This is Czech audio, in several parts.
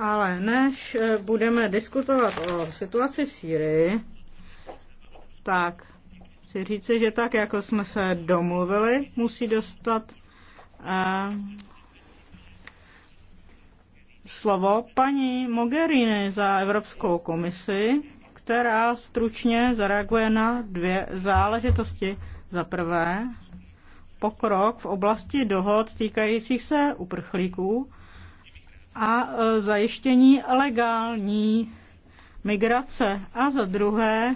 Ale než eh, budeme diskutovat o situaci v Sýrii, tak chci říci, že tak, jako jsme se domluvili, musí dostat eh, slovo paní Mogherini za Evropskou komisi, která stručně zareaguje na dvě záležitosti. Za prvé, pokrok v oblasti dohod týkajících se uprchlíků a e, zajištění legální migrace. A za druhé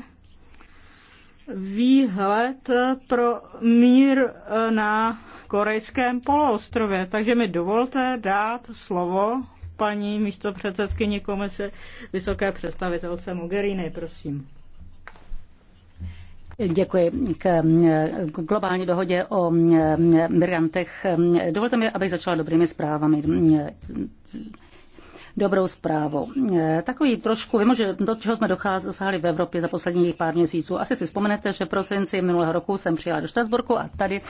výhled pro mír e, na korejském poloostrově. Takže mi dovolte dát slovo paní místopředsedkyni komise Vysoké představitelce Mogherini, prosím. Děkuji k globální dohodě o migrantech. Dovolte mi, abych začala dobrými zprávami dobrou zprávou. Takový trošku, vím, že do čeho jsme dosáhli v Evropě za posledních pár měsíců. Asi si vzpomenete, že v prosinci minulého roku jsem přijela do Štrasburku a tady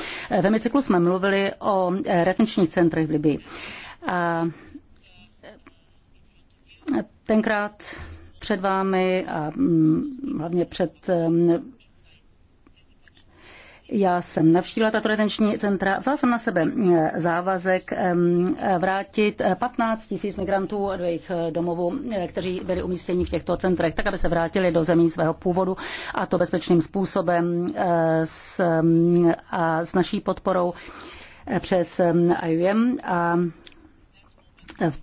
ve Micyklu jsme mluvili o retenčních centrech v Libii. A tenkrát před vámi a mm, hlavně před mm, já jsem navštívila tato retenční centra, vzala jsem na sebe eh, závazek eh, vrátit 15 eh, tisíc migrantů do jejich domovů, kteří byli umístěni v těchto centrech, tak aby se vrátili do zemí svého původu a to bezpečným způsobem s, mm, a s naší podporou přes IUM mm, a v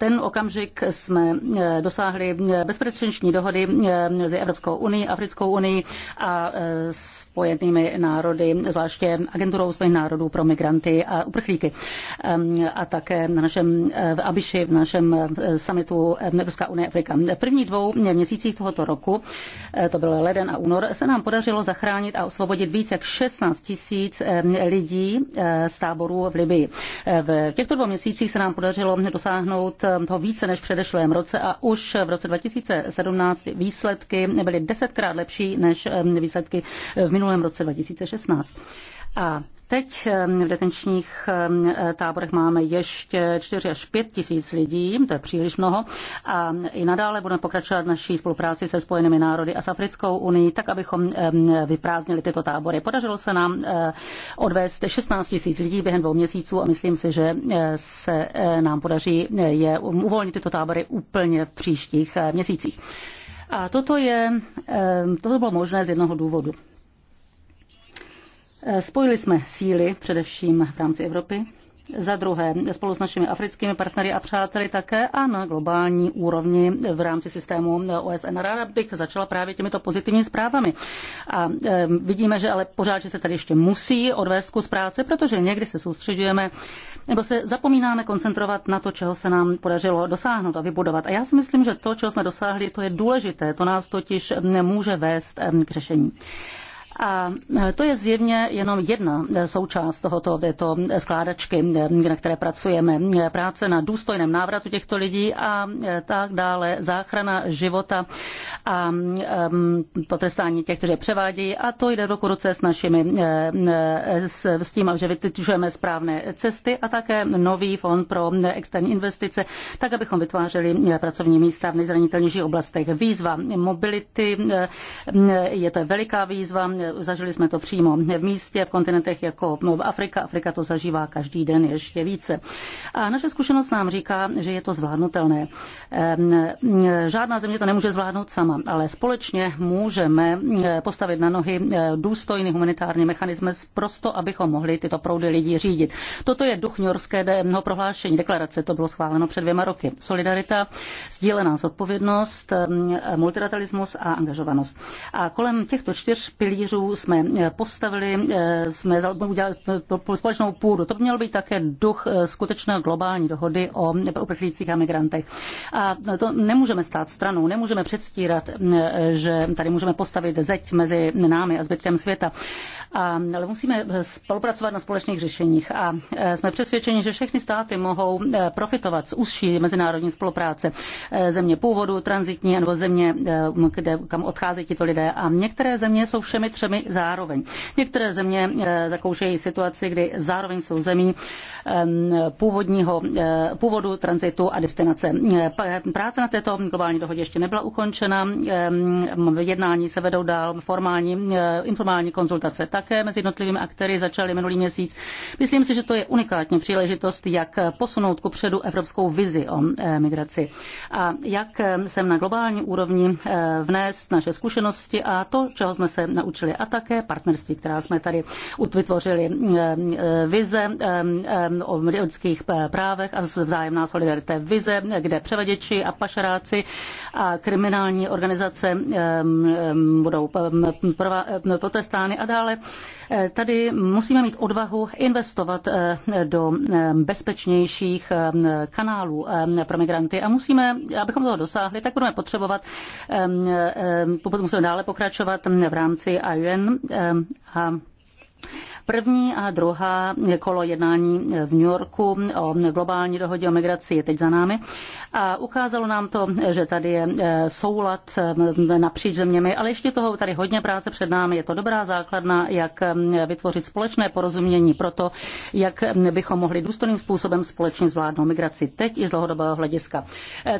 ten okamžik jsme eh, dosáhli eh, bezprecedenční dohody eh, mezi Evropskou unii, Africkou unii a spojenými národy, zvláště agenturou spojených národů pro migranty a uprchlíky. Ehm, a také na našem v Abiši, v našem summitu Evropská unie Afrika. V prvních dvou měsících tohoto roku, to byl leden a únor, se nám podařilo zachránit a osvobodit více jak 16 tisíc ehm, lidí z táborů v Libii. V těchto dvou měsících se nám podařilo dosáhnout to více než v předešlém roce a už v roce 2017 výsledky byly desetkrát lepší než výsledky v minulém roce 2016. A teď ehm, v detenčních ehm, eh, táborech máme ještě 4 až 5 tisíc lidí, to je příliš mnoho. A i nadále budeme pokračovat naší spolupráci se Spojenými národy a s Africkou unii, tak abychom ehm, vyprázdnili tyto tábory. Podařilo se nám eh, odvést 16 tisíc lidí během dvou měsíců a myslím si, že eh, se nám podaří je um, uvolnit tyto tábory úplně v příštích měsících. A toto, je, toto bylo možné z jednoho důvodu. Eh, spojili jsme síly, především v rámci Evropy, za druhé spolu s našimi africkými partnery a přáteli také a na globální úrovni v rámci systému eh, OSN. Ráda bych začala právě těmito pozitivními zprávami. A eh, vidíme, že ale pořád, že se tady ještě musí odvést kus práce, protože někdy se soustředujeme nebo se zapomínáme koncentrovat na to, čeho se nám podařilo dosáhnout a vybudovat. A já si myslím, že to, čeho jsme dosáhli, to je důležité. To nás totiž nemůže vést k řešení. A e, to je zjevně jenom jedna e, součást tohoto, této skládačky, e, na které pracujeme. Práce na důstojném návratu těchto lidí a tak dále, záchrana života a potrestání těch, kteří převádějí. A to jde do ruce s našimi, s, s tím, že vytvořujeme správné cesty a také nový fond pro externí investice, tak abychom vytvářeli pracovní místa v nejzranitelnějších oblastech. Výzva mobility je to veliká výzva zažili jsme to přímo v místě, v kontinentech jako no, Afrika. Afrika to zažívá každý den ještě více. A naše zkušenost nám říká, že je to zvládnutelné. Ehm, žádná země to nemůže zvládnout sama, ale společně můžeme eh, postavit na nohy eh, důstojný humanitární mechanismus prosto, abychom mohli tyto proudy lidí řídit. Toto je duch ňorské no, prohlášení deklarace, to bylo schváleno před dvěma roky. Solidarita, sdílená zodpovědnost, ehm, multilateralismus a angažovanost. A kolem těchto čtyř pilířů pilířů jsme eh, postavili, eh, jsme udělali společnou půdu. To by mělo být také duch eh, skutečné globální dohody o uprchlících a migrantech. A to nemůžeme stát stranou, nemůžeme předstírat, že tady můžeme postavit zeď mezi námi a zbytkem světa. A, ale musíme spolupracovat na společných řešeních a jsme přesvědčeni, že všechny státy mohou profitovat z užší mezinárodní spolupráce země původu, transitní nebo země, kde, kam odcházejí tito lidé. A některé země jsou všemi tři třemi zároveň. Některé země eh, zakoušejí situaci, kdy zároveň jsou zemí ehm, původního, eh, původu, tranzitu a destinace. Eh, práce na této globální dohodě ještě nebyla ukončena, ehm, jednání se vedou dál, formální, informální konzultace také mezi jednotlivými aktéry začaly minulý měsíc. Myslím si, že to je unikátní příležitost, jak posunout kupředu evropskou vizi o migraci a jak sem na globální úrovni vnést naše zkušenosti a to, čeho jsme se naučili vytvořili a také partnerství, která jsme tady vytvořili eh, eh, vize eh, o lidských právech a vzájemná solidarita vize, kde převaděči a pašeráci a kriminální organizace budou potrestány a dále. Tady musíme mít odvahu investovat do bezpečnějších kanálů pro migranty a musíme, abychom toho dosáhli, tak budeme potřebovat, musíme dále pokračovat v rámci Yuen eh, a První a druhá kolo jednání v New Yorku o globální dohodě o migraci je teď za námi a ukázalo nám to, že tady je e, soulad e, napříč zeměmi, ale ještě toho tady hodně práce před námi. Je to dobrá základna, jak e, vytvořit společné porozumění pro to, jak bychom mohli důstojným způsobem společně zvládnout migraci teď i z dlouhodobého hlediska.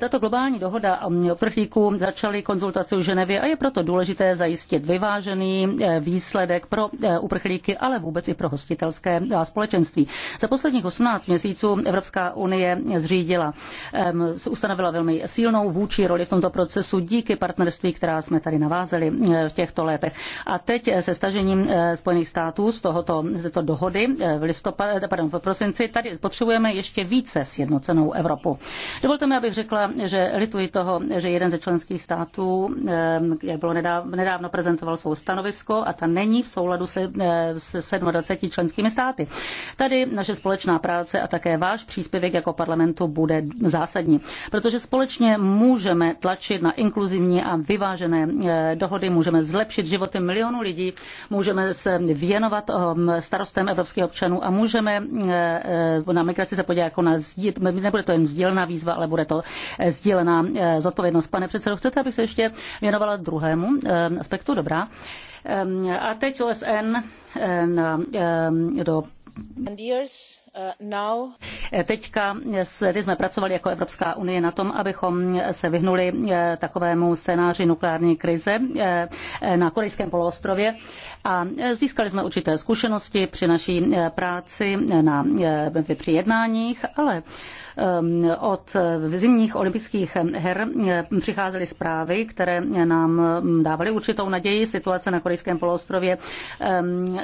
Tato globální dohoda o prchlíků začaly konzultaci v Ženevě a je proto důležité zajistit vyvážený výsledek pro uprchlíky, ale vůbec vůbec i pro hostitelské eh, společenství. Za posledních 18 měsíců Evropská unie zřídila, ustanovila velmi silnou vůči roli v tomto procesu díky partnerství, která jsme tady navázeli eh, v těchto letech. A teď eh, se stažením Spojených států z tohoto, z této dohody v, listopad, pardon, v prosinci tady potřebujeme ještě více sjednocenou Evropu. Dovolte mi, abych řekla, že lituji toho, že jeden ze členských států, jak bylo nedávno, nedávno prezentoval svou stanovisko a ta není v souladu se, se 7. 27 členskými státy. Tady naše společná práce a také váš příspěvek jako parlamentu bude zásadní, protože společně můžeme tlačit na inkluzivní a vyvážené eh, dohody, můžeme zlepšit životy milionů lidí, můžeme se věnovat ehm, starostem evropských občanů a můžeme eh, eh, na migraci se podívat jako na sdíl, nebude to jen sdílená výzva, ale bude to sdílená zodpovědnost. Pane předsedo, chcete, abych se ještě věnovala druhému aspektu? Dobrá. Ehm, a teď OSN eh, na, ehm, do Uh, eh, teďka jsme pracovali jako Evropská unie na tom, abychom se vyhnuli eh, takovému scénáři nukleární krize eh, na Korejském poloostrově a získali jsme určité zkušenosti při naší práci na, při jednáních, ale ehm, od zimních olympijských her přicházely zprávy, které nám mm, dávaly určitou naději. Situace na Korejském poloostrově ehm,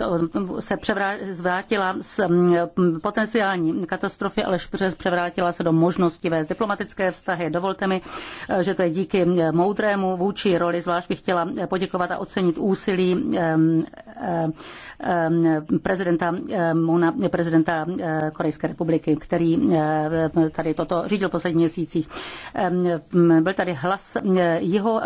ehm, se převrátila zvrátila z mm, potenciální katastrofy, ale převrátila se do možnosti vést diplomatické vztahy. Dovolte mi, eh, že to je díky eh, moudrému vůči roli, zvlášť bych chtěla eh, poděkovat a ocenit úsilí prezidenta, Muna, prezidenta Korejské republiky, který tady toto řídil v posledních měsících. Byl tady hlas jeho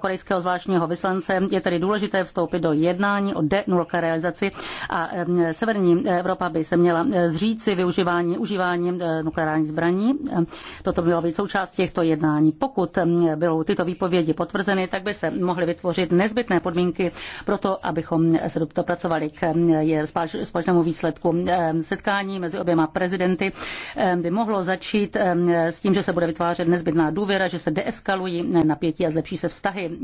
korejského zvláštního vyslance. Je tady důležité vstoupit do jednání o denuklearizaci a se Severní Evropa by se měla eh, zříci využívání užívání eh, nukleárních zbraní. Eh, toto bylo být součást těchto jednání. Pokud bylo tyto výpovědi potvrzeny, tak by se mohly vytvořit nezbytné podmínky pro to, abychom se dopracovali k společnému výsledku setkání mezi oběma prezidenty. By mohlo začít s tím, že se bude vytvářet nezbytná důvěra, že se deeskalují napětí a zlepší se vztahy.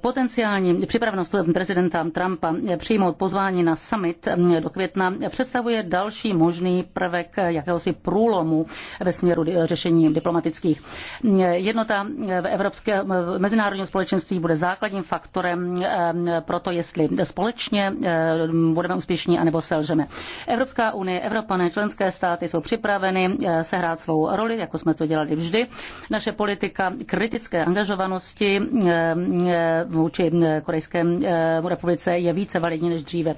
Potenciální připravenost prezidenta Trumpa přijmout pozvání na summit do května představuje další možný prvek jakéhosi průlomu ve směru řešení diplomatických. Jednota v Evropské mezinárodního společenství bude základním faktorem eh, pro to, jestli společně eh, budeme úspěšní anebo selžeme. Evropská unie, Evropané, členské státy jsou připraveny eh, sehrát svou roli, jako jsme to dělali vždy. Naše politika kritické angažovanosti vůči Korejské republice je více validní než dříve.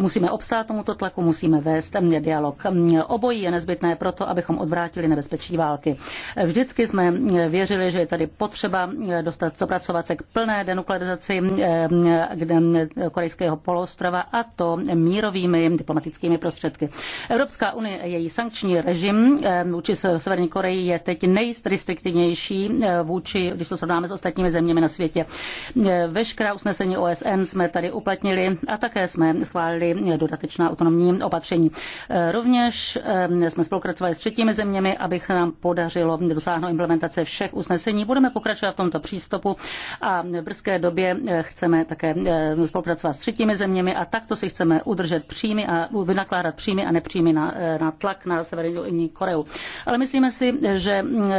Musíme obstát tomuto tlaku, musíme vést dialog. Obojí je nezbytné proto, abychom odvrátili nebezpečí války. Vždycky jsme věřili, že je tady potřeba dostat, zapracovat se k plné denuklearizaci eh, eh, korejského polostrova a to mírovými diplomatickými prostředky. Evropská unie, její sankční režim eh, vůči Severní Koreji je teď nejrestriktivnější vůči, když to srovnáme s ostatními zeměmi na světě. Veškerá usnesení OSN jsme tady uplatnili a také jsme schválili dodatečná autonomní opatření. Eh, rovněž eh, jsme spolupracovali s třetími zeměmi, abych nám podařilo dosáhnout implementace všech usnesení. Budeme pokračovat v tomto přístupu a v brzké době eh, chceme také spolupracovat s třetími zeměmi a takto si chceme udržet příjmy a vynakládat příjmy a nepříjmy na, na tlak na Severní Koreu. Ale myslíme si, že mm,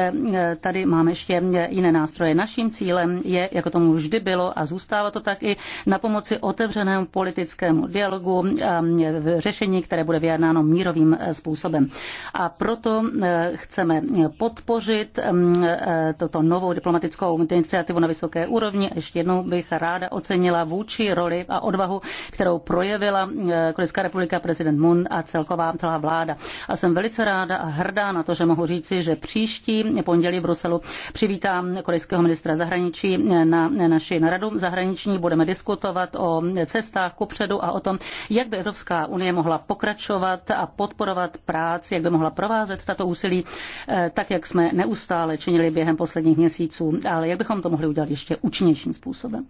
tady máme ještě jiné nástroje. Naším cílem je, jako tomu vždy bylo a zůstává to tak i na pomoci otevřenému politickému dialogu Um, v řešení, které bude vyjednáno mírovým eh, způsobem. A proto eh, chceme podpořit um, eh, toto novou diplomatickou iniciativu na vysoké úrovni. Ještě jednou bych ráda ocenila vůči roli a odvahu, kterou projevila Korejská republika, prezident Moon a celková celá vláda. A jsem velice ráda a hrdá na to, že mohu říci, že příští pondělí v Bruselu přivítám korejského ministra zahraničí na naši naradu zahraniční. Budeme diskutovat o cestách kupředu a o tom, jak by Evropská unie mohla pokračovat a podporovat práci, jak by mohla provázet tato úsilí, eh, tak jak jsme neustále činili během posledních měsíců, ale jak bychom to mohli udělat ještě účinnějším způsobem.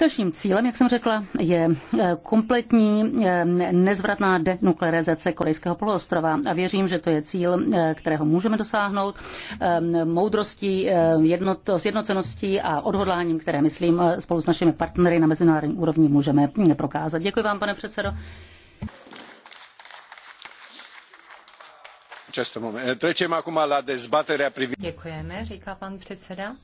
Dalším cílem, jak jsem řekla, je eh, kompletní eh, nezvratná denuklearizace Korejského poloostrova a věřím, že to je cíl, eh, kterého můžeme dosáhnout moudrostí, jednot, jednoceností a odhodláním, které, myslím, spolu s našimi partnery na mezinárodní úrovni můžeme hm, prokázat. Děkuji vám, pane předsedo. Děkujeme, říká pan předseda.